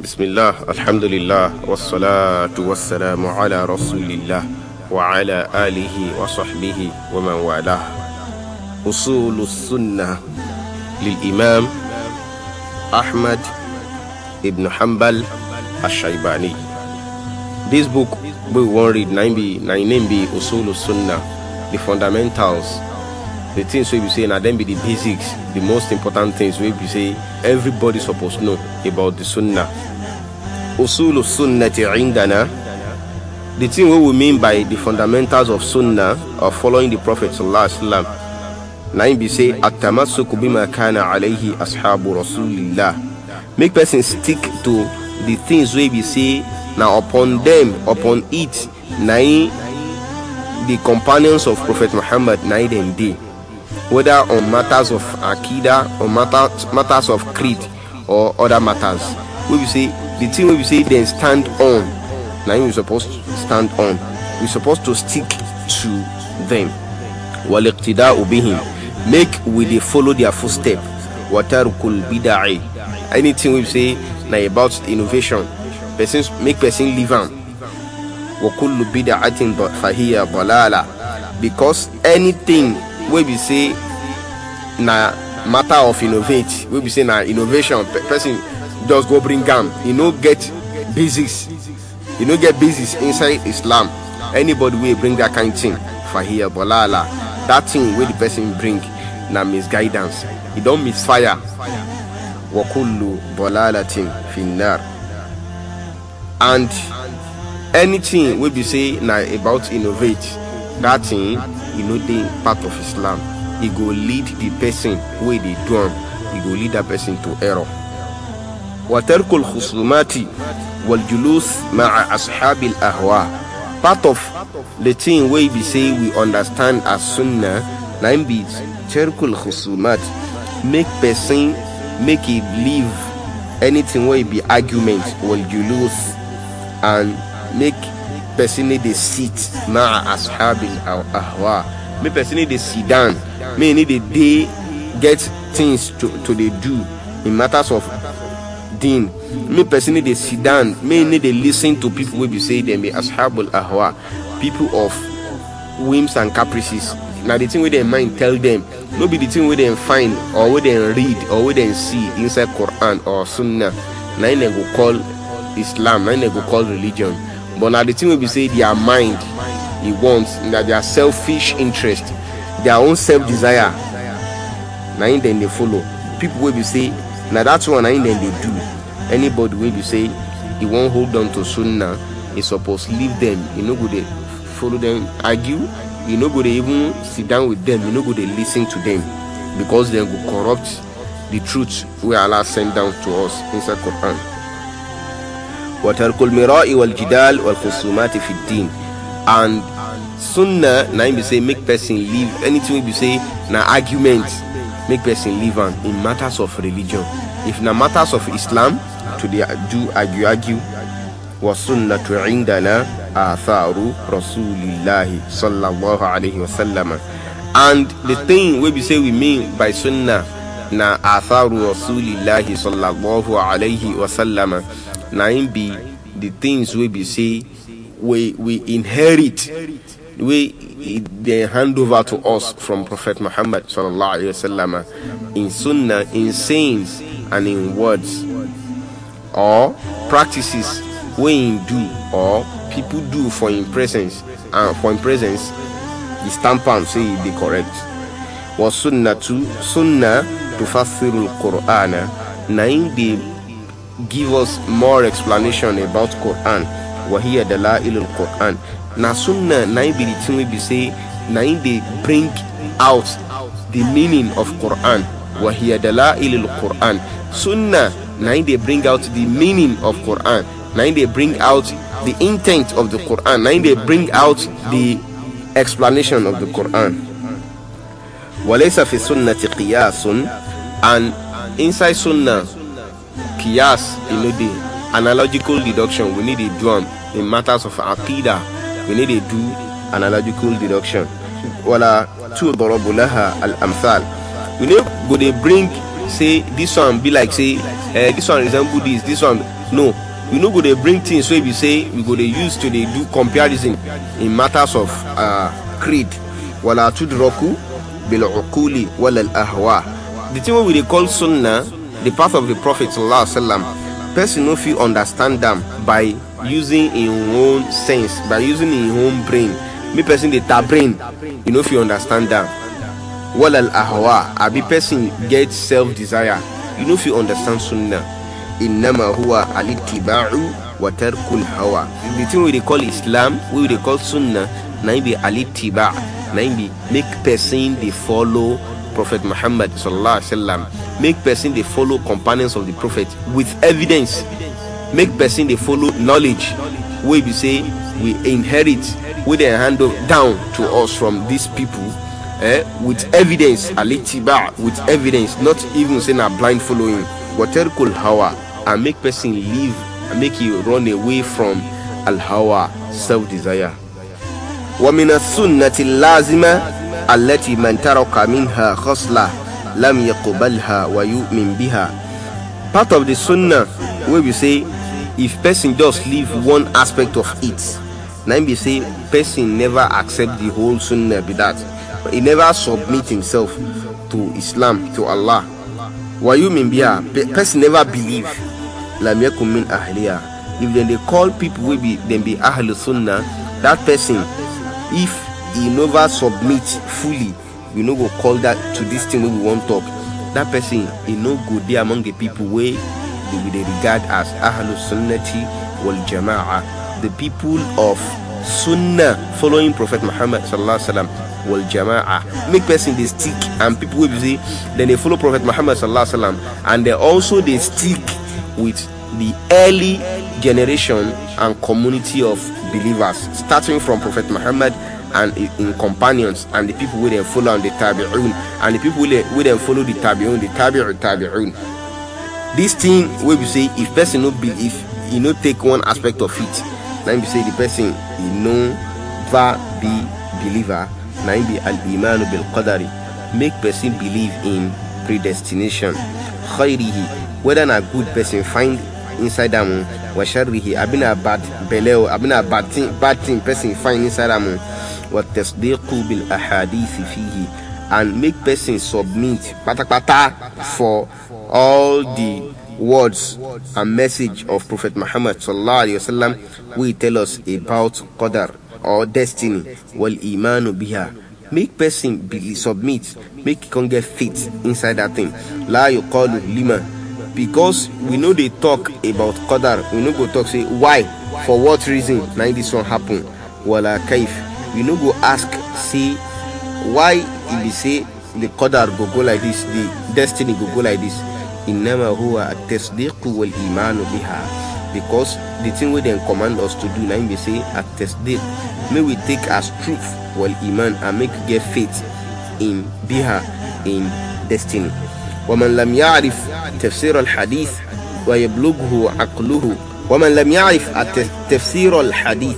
بسم الله الحمد لله والصلاة والسلام على رسول الله وعلى آله وصحبه ومن والاه أصول السنة للإمام Ahmad Ibn Hanbal الشيباني This book we won't read 9b, 9b usul Sunnah, the fundamentals, the things we be saying, are then be the basics, the most important things we be say everybody supposed to know. about the Sunnah. Usulu Sunnati indana. The thing we mean by the fundamentals of Sunnah are following the Prophet sallallahu alaihi wasallam. say at bima kana alayhi ashabu rasulillah. Make person stick to the things we be say now upon them upon it nai the companions of Prophet Muhammad night and day, whether on matters of Akida or matters, matters of creed, or other matters We will say the thing we will say Then stand on you're supposed to stand on we supposed to stick to them waliqtida ubihim. make will they follow their footstep watarukul bida'i anything we say Now about innovation person make person leave am wakullu bida'atin fahiya balala because anything we will say Now. matter of innovate wey be say na innovation person just go bring am e no get basis e no get basis inside islam anybody wey bring that kind thing for here bola that thing wey the person bring na misguidance e don misfire Wakulu, bolala thing. finnar and anything wey be say na about innovate that thing e no dey part of islam e go lead the person wey dey do am e go lead that person to error وترك الخصومات والجلوس مع أصحاب الأهواء part of the thing wey be say we understand as sunnah nine im be make person make it believe anything wey be argument you lose and make person dey sit ma ashabil ahwa me person need dey sit down me need dey dey get things to to dey do in matters of deen me person need dey sit down me need dey lis ten to people wey be say dem be ashabul ahwa people of whims and caprices na the thing wey dem mind tell dem no be the thing wey dem find or wey dem read or wey dem see inside quran or sunnah na im dem go call islam na im dem go call religion but na the thing wey be say their mind he wants that their selfish interest their own self desire na him dem dey follow people wey be say na that one na him dem dey do anybody wey be say "He wan hold on to sunna e suppose leave them. e no go dey follow them? argue e no go dey even sit down with them? e no go dey lis ten to them? because dem go corrupt the truth wey allah send down to us inside quran وترك المراء والجدال والخصومات في الدين and sunnah na be say make person leave anything we be say na argument make person leave on in matters of religion if na matters of islam to dey do argue argue wa sunnatu indana atharu rasulillahi sallallahu alaihi wasallam and the thing we be say we mean by sunnah na atharu rasulillahi sallallahu alaihi wasallam na be the things we be say we, we inherit, we, they hand over to us from Prophet Muhammad وسلم, in Sunnah, in sayings, and in words, or practices we do, or people do for in presence, and uh, for in presence, the stamp and say the be correct. Was Sunnah to Sunnah to fulfill Quran, now they give us more explanation about Quran wahiya da la'ilul quran na sunna na be the say na they bring out the meaning of quran wahiya da la'ilul quran sunna na they bring out the meaning of quran na they bring out the intent of the quran na they bring out the explanation of the quran walaysa fi sunnati qiyasun and inside sunnah qiyas you know analogical deduction. We need a drum. In matters of aqidah, we need a do analogical deduction. Wala two darabulaha al amthal. We need go they bring say this one be like say uh, this one resemble this, this one no. We know go they bring things so we say we go they use to they do comparison in matters of uh, creed. Wala tudraku bil uquli wala al ahwa. The thing we recall call sunnah, the path of the Prophet sallallahu alaihi wasallam person no fit understand them by using in own sense by using in own brain Me person the tap brain you no fit understand am walal ahwa abi person get self desire you if you understand sunna innama huwa alitiba'u wa tarkul hawa the thing we recall call islam we recall call sunna na im be na be make person the follow Prophet Muhammad make person they follow companions of the Prophet with evidence. Make person they follow knowledge. We be say we inherit, with a hand down to us from these people. Eh, with evidence, alitiba, with evidence, not even saying a blind following. Water cool hawa, and make person leave, and make you run away from al hawa, self desire. ومن السنة اللازمة التي من ترك منها خصلة لم يقبلها ويؤمن بها part of the sunnah wey be say if person just leave one aspect of it na him be say person never accept the whole sunnah be that he never submit himself to islam to allah wayumin biya person never believe lam yakun min ahliya if dem dey call people wey be dem be ahlu sunnah that person if he never submit fully we no go call that to this thing wey we wan talk that person e no go dey among the people wey we dey regard as ahlu sunnati wal jama'a the people of sunnah following prophet muhammad sallallahu alaihi wasallam wal jama'a make person dey stick and people wey be say dem dey follow prophet muhammad sallallahu alaihi wasallam and dem also dey stick with the early generation and community of believers starting from prophet muhammad and in companions and the people will then follow on the tabi'un and the people will then follow the tabi'un the tabi'un tabi'un this thing where we say if person no believe you know take one aspect of it now we say the person he no va be believer now be al iman bil qadari make person believe in predestination khairihi whether na good person find inside am wa sharrihi abina bad belle abina bad thing bad thing person find inside him. وَالتَّصْدِيقُ بِالْأَحَادِيثِ فِيهِ and make person submit patapata for all the words and message of Prophet Muhammad sallallahu alaihi wasallam We tell us about qadar or destiny wal iman biha make person be submit make can get fit inside that thing la yuqalu lima because we know they talk about qadar we know go talk say why for what reason now this one happen wala kaif we no go ask say why e be say the qadar go go like this the destiny go go like this innama huwa at-tasdiq wal iman biha because the thing we then command us to do na im say at-tasdiq may we take as truth wal iman and make get faith in biha in destiny ومن لم يعرف تفسير الحديث ويبلغه عقله ومن لم يعرف تفسير الحديث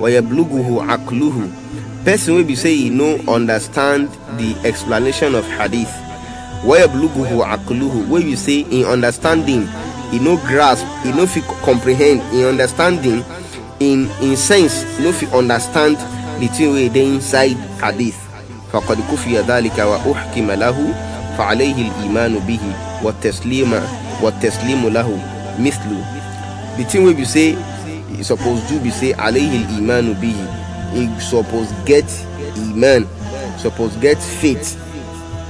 وَيَبْلُغُهُ akluhu Person will be say he no understand the explanation of hadith. وَيَبْلُغُهُ akluhu Where you say in understanding, he no grasp, he no fit comprehend, in understanding, in in sense, no fit understand the thing we dey inside hadith. فقد كفي ذلك وأحكم له فعليه الإيمان به والتسليم والتسليم له مثل the thing wey be say it's supposed to be say alayhi iman be. He supposed get iman, supposed get faith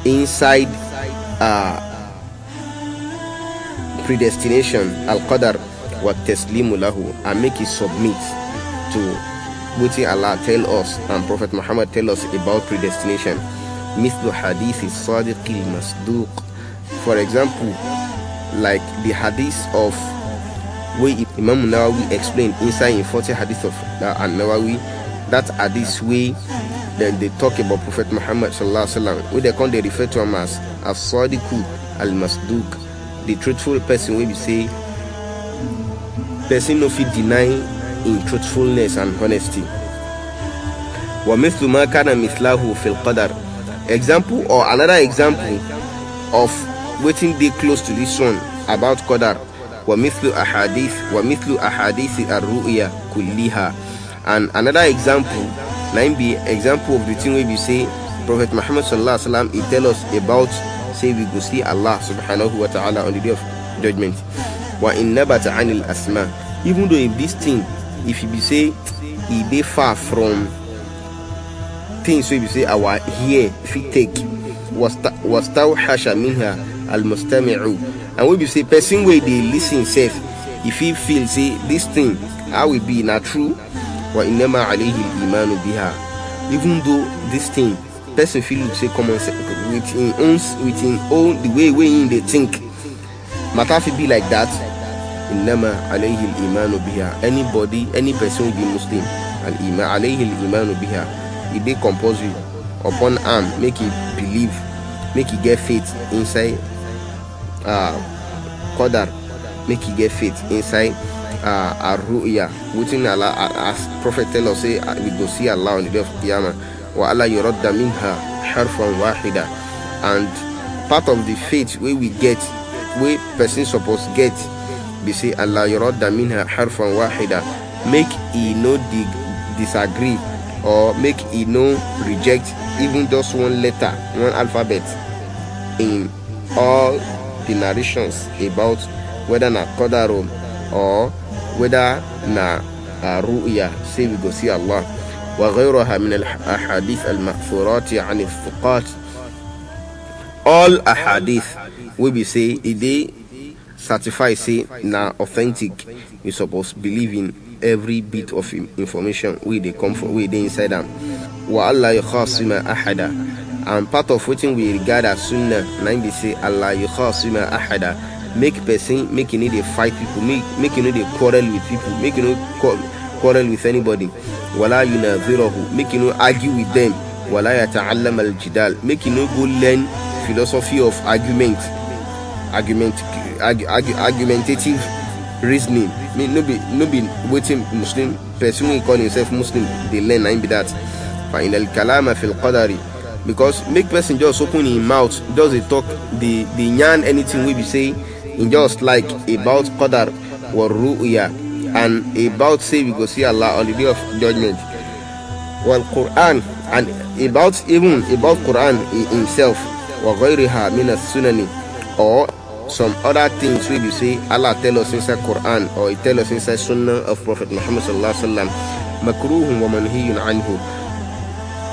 inside uh, predestination al-qadar wa taslimu lahu and make it submit to what Allah tell us and Prophet Muhammad tell us about predestination. مثل حديث الصادق Masduq. for example like the hadith of where Imam Nawawi explained inside in 40 hadith of uh, Nawawi that this way then they talk about Prophet Muhammad sallallahu alaihi wasallam where they come they refer to him as as Sadiqut al Masduq the truthful person where we say person no fit deny in truthfulness and honesty Wa ما kana mislahu fil qadar. example or another example of waiting day close to this one about qadar ومثل أحاديث ومثل أحاديث الرؤيا كلها and another example na be example of the thing we be say prophet muhammad sallallahu alaihi wasallam he tell us about say we go see allah subhanahu wa ta'ala on the day of judgment wa in nabata anil asma even though if this thing if you be say he be far from things we be say our ear fit take was tawhasha minha al mustami'u and wey be say person wey dey lis ten sef e fit feel say dis thing how e be na true wa inama alayhi imanu biha even though dis thing person fit look say common sense with im own with im own the way wey im dey think matter fit be like that inama alayhi imanu biha anybody any person wey be muslim and ima alayhi imanu biha e dey compulsory upon am make e believe make e get faith inside Ah, qadar make you get faith inside uh, ah, ruya wetin allah as prophet tell us say we go see allah on the day of qiyamah wa allah yuradda minha harfan wahida and part of the faith where we get wey person supposed get we say allah yuradda minha harfan wahida make e no dig disagree or make e no reject even just one letter one alphabet in all the narrations about whether na Qadarum or whether na uh, ru'ya say we go see Allah وغيرها من الأحاديث المغفورات عن الفقات all ahadith we be say e they certify say na authentic you suppose believe in every bit of information we they come from we they inside them. wa allah yakhasima and part of wetin we regard as sunnah na im be say allah yukhasima ahada make person make you no dey fight people make make you no dey quarrel with people make you no quarrel with anybody wala yunazirahu make you no argue with them wala yata'allam al-jidal make you no go learn philosophy of argument argument argue, argue, argumentative reasoning no be no be wetin muslim person wey call himself muslim dey learn na im be that fa inal kalama fil qadari because make person just open him mouth just dey talk dey dey yarn anything wey be say him e just like about qadar wa ru'ya and about say we go see allah on the day of judgment wal quran and about even about quran himself wa ghayriha min as-sunani or some other things wey be say allah tell us inside quran or he tell us inside sunnah of prophet muhammad sallallahu alaihi wasallam makruhun wa manhiyun anhu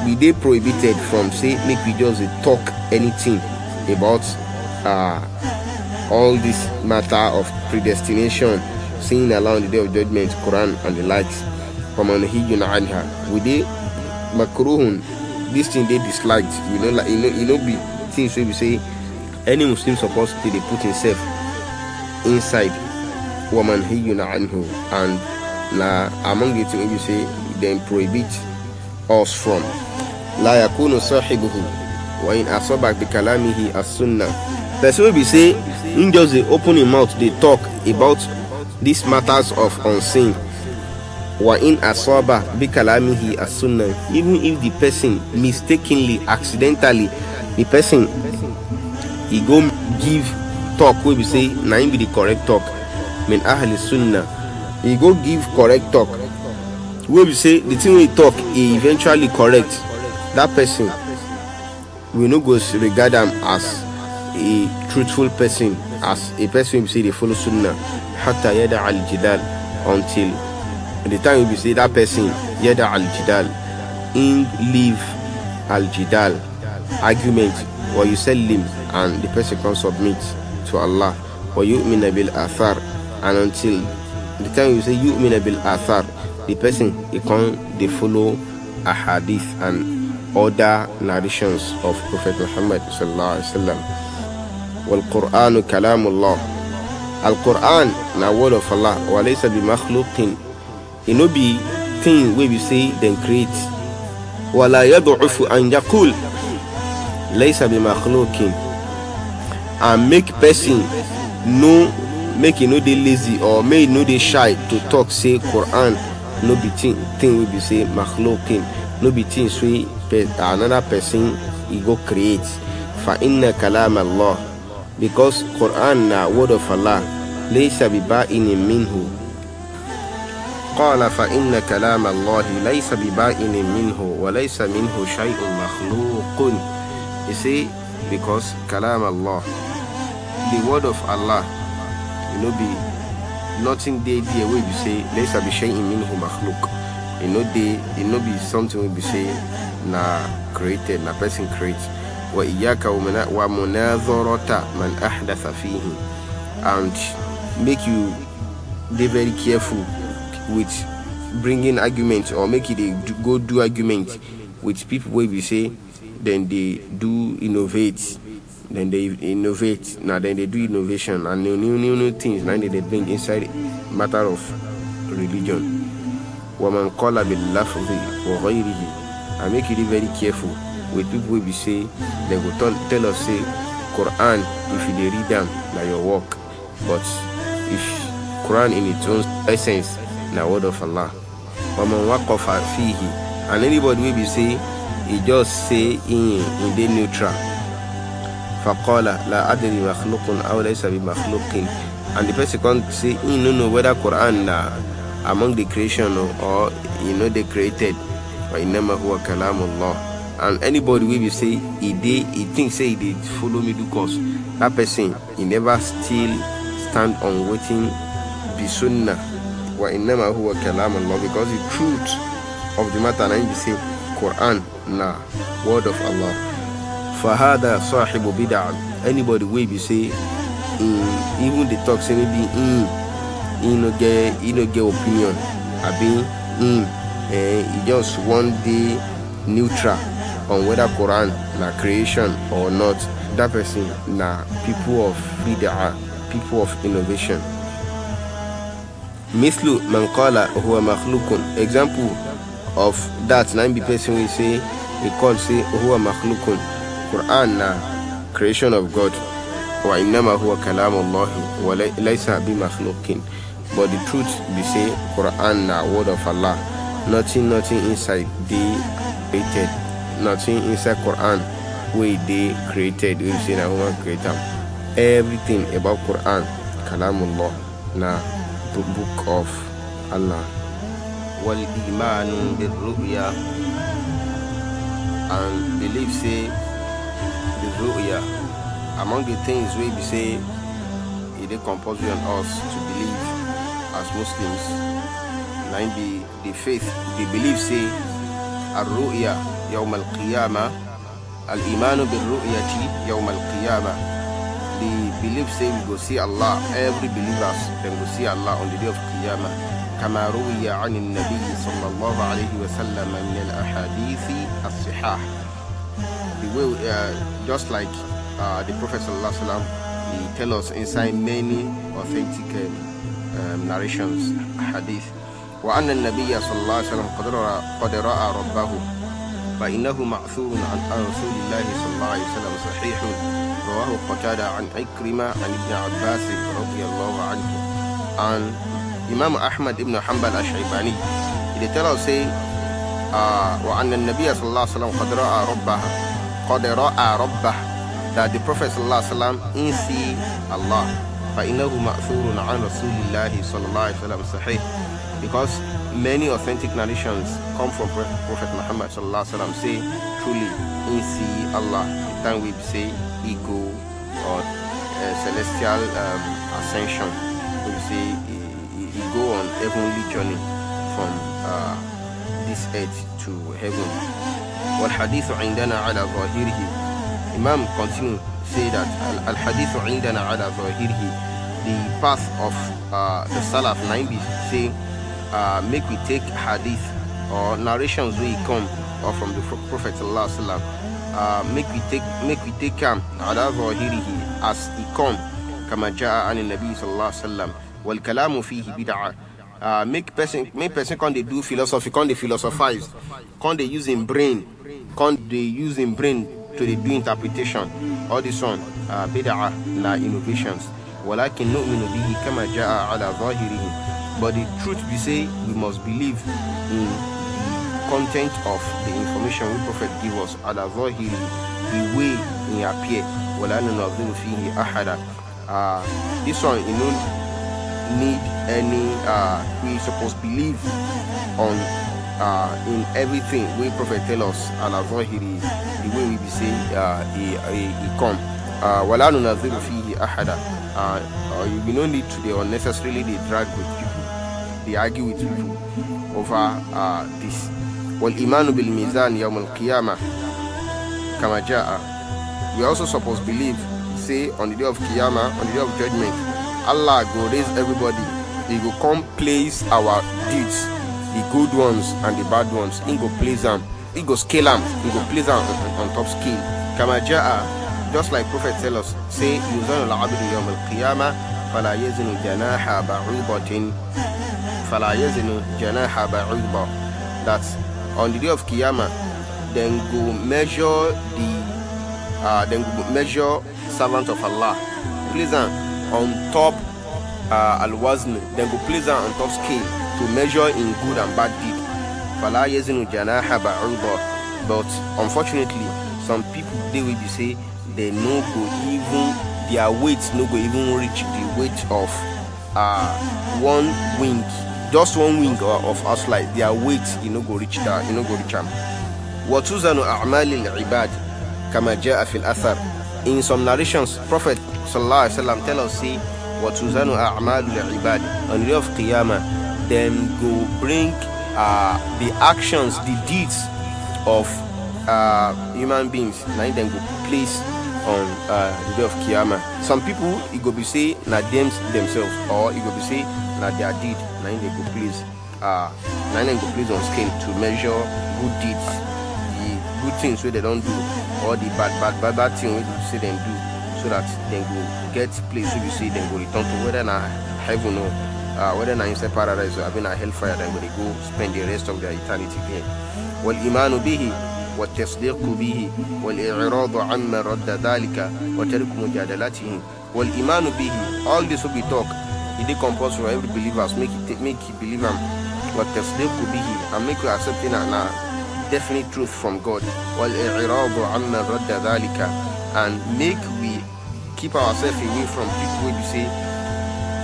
we they prohibited from say make we just talk anything about uh, all this matter of predestination seeing along the day of judgment Quran and the likes anha we they makruhun this thing they disliked you know like you know you know be things we say any muslim supposed to they put himself inside wamanhiyun anhu and now among the things say they prohibit us from la yakunu sahibuhu wa in asaba bi kalamihi as sunnah person wey be say him just dey open him mouth dey talk about these matters of unseen wa in asaba bi kalamihi as sunnah even if the person mistakenly accidentally the person he go give talk wey be say na him be the correct talk min ahli sunnah He go give correct talk wey be say the thing wey he talk he eventually correct That person we no go regard am as a truthful person as a person wey be say dey follow sunnah hatta yada aljidal until the time wey be say that person yada aljidal im leave aljidal argument or you sell limb and the person come submit to Allah or yu'mina bil athar and until the time you say yu'mina bil athar the person e come dey follow ahadith and other narrations of Prophet Muhammad sallallahu alaihi wasallam. Wal Qur'anu kalamullah. Al Qur'an na word of Allah. Wa laysa makhluqin. It no be thing we be say then create. Wa la yad'ufu an yaqul laysa bi makhluqin. And make person no make e no dey lazy or make e no dey shy to talk say Quran no be thing thing we be say makhluqin no be things wey another person e go create fa inna kalam Allah because Quran na word of Allah laysa bi ba'in minhu قال فإن كلام الله ليس ببائن منه وليس منه شيء مخلوق You see, because كلام الله the word of Allah you know be nothing dey there wey be say ليس بشيء منه مخلوق you know dey you know be something we be say na created, na person creates. وَإِيَّاكَ وَمُنَاظَرَةَ man. أَحْدَثَ فِيهِ And make you be very careful with bringing arguments or make it go do arguments with people where we say then they do innovate then they innovate now then they do innovation and new new new, new things now they bring inside matter of religion call ومن قال باللفظ وغيره I make you be very careful with people wey be say dem go tell, tell us say quran if you dey read am na your work but if quran in its own essence na word of allah waman waqafa fihi and anybody wey be say e just say in e dey neutral faqala la adri makhlukun aw laysa makhlukin. and the person come say he no know whether quran na among the creation or, or he no dey created وإنما هو كلام الله and anybody wey be say e dey e think say e dey follow me do course that person e never still stand on wetin be sunnah wa innama huwa kalam Allah because the truth of the matter na be say Quran na word of Allah fahada sahibu that anybody wey be say even dey talk say maybe be. e no get e no get opinion abi mm, eh, he just one day neutral on whether Quran na creation or not. That person na people of bid'ah, uh, people of innovation. Mislu man huwa makhlukun. Example of that na be person we say he call say huwa makhlukun. Quran na creation of God. Wa innama huwa Allah. wa laysa bi makhlukin. But the truth be say Quran na word of Allah nothing nothing inside dey created nothing inside quran wey dey created wey say na woman create am everything about quran kalamullah na book of allah wal imanu bil ru'ya and believe say the ru'ya among the things wey be say e dey compulsory on us to believe as muslims na be the faith, the belief say, Al-Imanu القيامة الإيمان بالرؤية al القيامة the belief say we go see Allah every believer then go see Allah on the day of Qiyamah كما روي عن النبي صلى الله عليه وسلم من الأحاديث الصحاح the way, uh, just like uh, the Prophet صلى الله عليه وسلم he tell us inside many authentic um, narrations hadith وأن النبي صلى الله عليه وسلم قد رأى قد رأى ربه فإنه معثور عن رسول الله صلى الله عليه وسلم صحيح رواه قتادة عن عكرمة عن ابن عباس رضي الله عنه عن إمام أحمد بن حنبل الشيباني إذا ترى سي say آه، وأن النبي صلى الله عليه وسلم قد رأى ربه قد رأى ربه that the Prophet صلى الله عليه وسلم إن سي الله فإنه مأثور عن رسول الله صلى الله عليه وسلم صحيح because many authentic narrations come from Prophet Muhammad sallallahu alaihi wasallam say truly in see Allah Then we say ego or uh, celestial um, ascension we say he go on heavenly journey from uh, this earth to heaven والحديث عندنا على ظاهره Imam continue say that al-hadith عندنا على ظاهره the path of uh, the Salaf 90 say uh, make we take hadith or narrations we come or from the prophet sallallahu uh, make we take make we take him ala zahirihi as he come kama jaa an nabi sallallahu alaihi wal kalamu fihi bid'ah uh, make person make person can they do philosophy can they philosophize can they use in brain can they use in brain to the do interpretation all this one uh, bid'ah na innovations ولكن نؤمن به كما جاء على ظاهره but the truth we say, we must believe in the content of the information we prophet give us, and ظاهره the way he appear. ولا ننظر he had Uh, this one, you don't need any. Uh, we supposed believe on uh, in everything we prophet tell us, and ظاهره the way we be say uh, he, he, he come. ولا ننظر فيه أحدا. Uh, uh, you, don't need to they unnecessarily they drag with people they argue with people over uh, this والإيمان بالميزان يوم القيامة كما جاء we also supposed believe say on the day of Qiyamah on the day of judgment Allah go raise everybody he go come place our deeds the good ones and the bad ones he go place them he go scale them he go place them on, on top scale كما just like Prophet tell us, say, يُزَنُ الْعَبْدِ يَوْمَ Qiyama, فَلَا يَزِنُ جَنَاحَ بَعُوبَةٍ فَلَا يَزِنُ جَنَاحَ بَعُوبَةٍ That on the day of Qiyama, then go measure the uh, then go measure servant of Allah. Please, on top uh, al-wazn, then go please on top scale to measure in good and bad deed. فَلَا يَزِنُ جَنَاحَ بَعُوبَةٍ But unfortunately, they will be say they no go even their weight no go even reach the weight of uh, one wing just one wing of us like their weight you no go reach that you no go reach am watuzanu a'malil ibad kama ja'a fil athar in some narrations prophet sallallahu alaihi wasallam tell us say watuzanu a'malul ibad on the day of qiyamah them go bring uh, the actions the deeds of uh, human beings na then go place on uh, the day of Kiyama. Some people it go be say na them themselves or it go be say na their deed na they go place uh na them go place on scale to measure good deeds, the good things which they don't do or the bad bad bad bad thing they say them do so that they go get place wey be say they go return to whether na heaven or uh, whether na inside paradise or having a hellfire they go dey go spend the rest of their eternity there. Well, imanu he. والتصديق به والإعراض عما رد ذلك وترك مجادلته والإيمان به all this will be talk It dey compulsory for every believers make it make he believe am والتصديق به and make you accept it na uh, definite truth from God والإعراض عما رد ذلك and make we keep ourselves away from people who say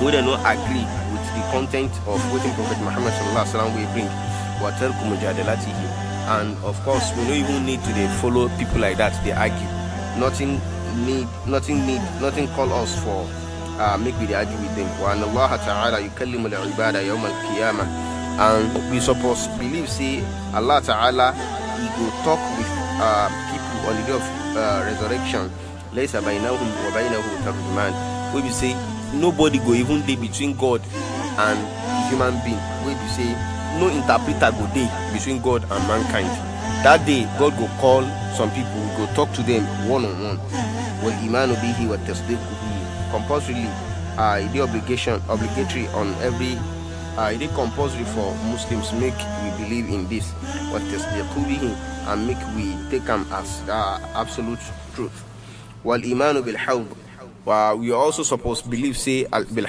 we do not agree with the content of wetin Prophet Muhammad sallallahu alaihi wasallam wey bring وترك مجادلته and of course we don't even need to they follow people like that they argue nothing need nothing need nothing call us for uh, make we argue with them وأن الله تعالى يكلم العباد يوم القيامة and we suppose believe say Allah Ta'ala he go talk with uh, people on the day of uh, resurrection ليس بينهم وبينه ترجمان we be say nobody go even be between God and human being we be say no interpreter go dey between god and mankind that day god go call some people go talk to them one on one well what bihi could be compulsory? uh, e obligation obligatory on every uh, it is compulsory for muslims make we believe in this wa tasdiquhu bihi and make we take them as uh, absolute truth While iman will help, uh, we also suppose believe say al bil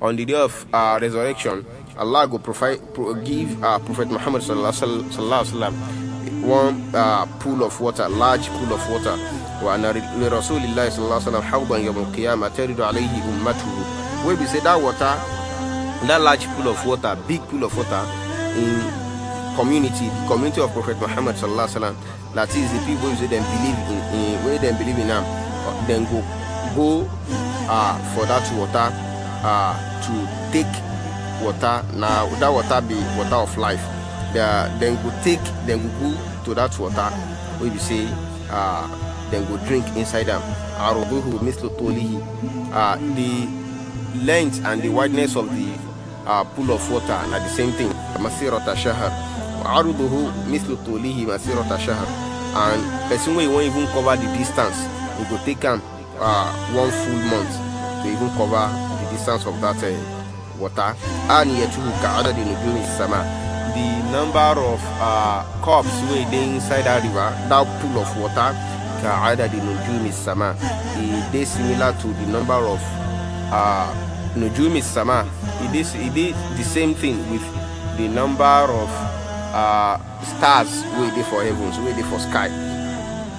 on the day of uh, resurrection Allah go provide give uh, Prophet Muhammad sallallahu alaihi wasallam one uh, pool of water, large pool of water. وأن لرسول الله صلى الله عليه وسلم حوضا يوم القيامة ترد عليه أمته. We be say that water, that large pool of water, big pool of water, in community, the community of Prophet Muhammad sallallahu alaihi wasallam. That is the people who say them believe in, in where them believe in him, then go go uh, for that water uh, to take water now that water be water of life they are, then go take then go go to that water We be say uh, then go drink inside am arobuhu mislotolihi uh, the length and the wideness of the uh, pool of water na the same thing masirota shahar aruduhu mislotolihi masirota shahar and person wey wan even cover the distance we go take am uh, one full month to even cover the distance of that uh, water aniyatuhu ka adadi nujumi sama the number of uh, cups wey dey inside that river that pool of water ka adadi nujumi sama It is similar to the number of uh, nujumi sama e dey e dey the same thing with the number of uh, stars wey dey for heavens, wey dey for sky.